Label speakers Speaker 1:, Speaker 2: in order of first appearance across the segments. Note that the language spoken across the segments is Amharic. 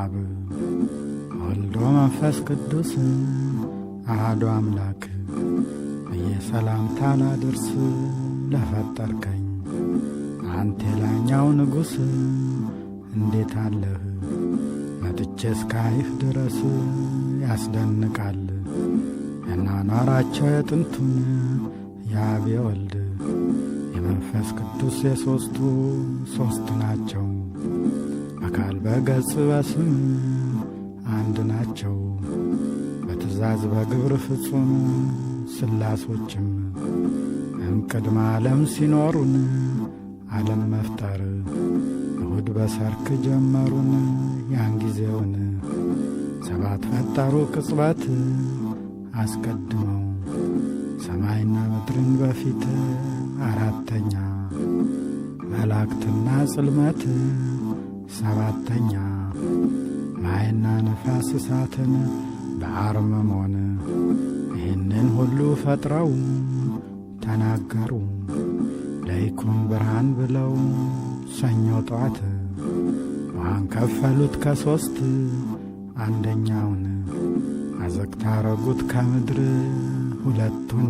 Speaker 1: አብ ወልዶ መንፈስ ቅዱስ አህዶ አምላክ እየሰላምታ ላድርስ ለፈጠርከኝ አንተ የላኛው ንጉሥ እንዴት አለህ? መጥቼ እስካይህ ድረስ ያስደንቃል እናኗራቸው የጥንቱን የአብ ወልድ! የመንፈስ ቅዱስ የሦስቱ ሦስት በገጽ በስም አንድ ናቸው በትእዛዝ በግብር ፍጹም ስላሶችም እምቅድመ ዓለም ሲኖሩን ዓለም መፍጠር እሁድ በሰርክ ጀመሩን ያን ጊዜውን ሰባት ፈጠሩ ቅጽበት አስቀድመው ሰማይና ምድርን በፊት አራተኛ መላእክትና ጽልመት ሰባተኛ ማይና ነፋስ እሳትን በአርመሞን ይህንን ሁሉ ፈጥረው ተናገሩ ለይኩን ብርሃን ብለው ሰኞ ጠዋት ውሃን ከፈሉት ከሦስት አንደኛውን አዘግታ አረጉት ከምድር ሁለቱን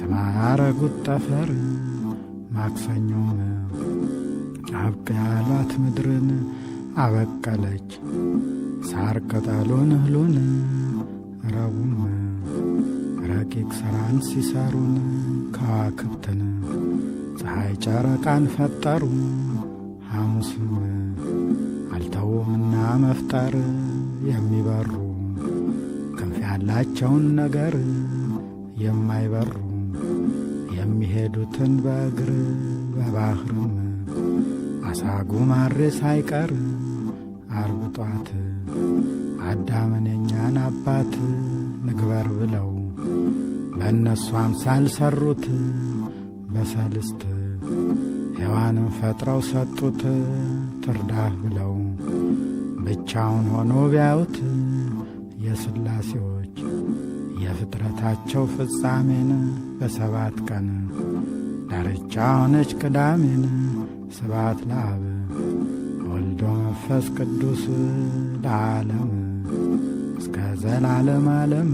Speaker 1: ሰማይ አረጉት ጠፈር ማክሰኞን ራብ ያላት ምድርን አበቀለች ሳር ቅጠሉን እህሉን ረቡን ረቂቅ ሥራን ሲሰሩን ከዋክብትን ፀሐይ ጨረቃን ፈጠሩ ሐሙስን አልተውምና መፍጠር የሚበሩ ክንፍ ያላቸውን ነገር የማይበሩ የሚሄዱትን በእግር በባህርም አሳ ጉማሬ ሳይቀር አርብጧት አዳምን አባት ንግበር ብለው በእነሱ አምሳል በሰልስት ሔዋንም ፈጥረው ሰጡት ትርዳህ ብለው ብቻውን ሆኖ ቢያዩት የሥላሴዎች የፍጥረታቸው ፍጻሜን በሰባት ቀን ዳርቻ ሆነች ቅዳሜን ስብሐት ለአብ ወልዶ መንፈስ ቅዱስ ለዓለም እስከ ዘላለም ዓለም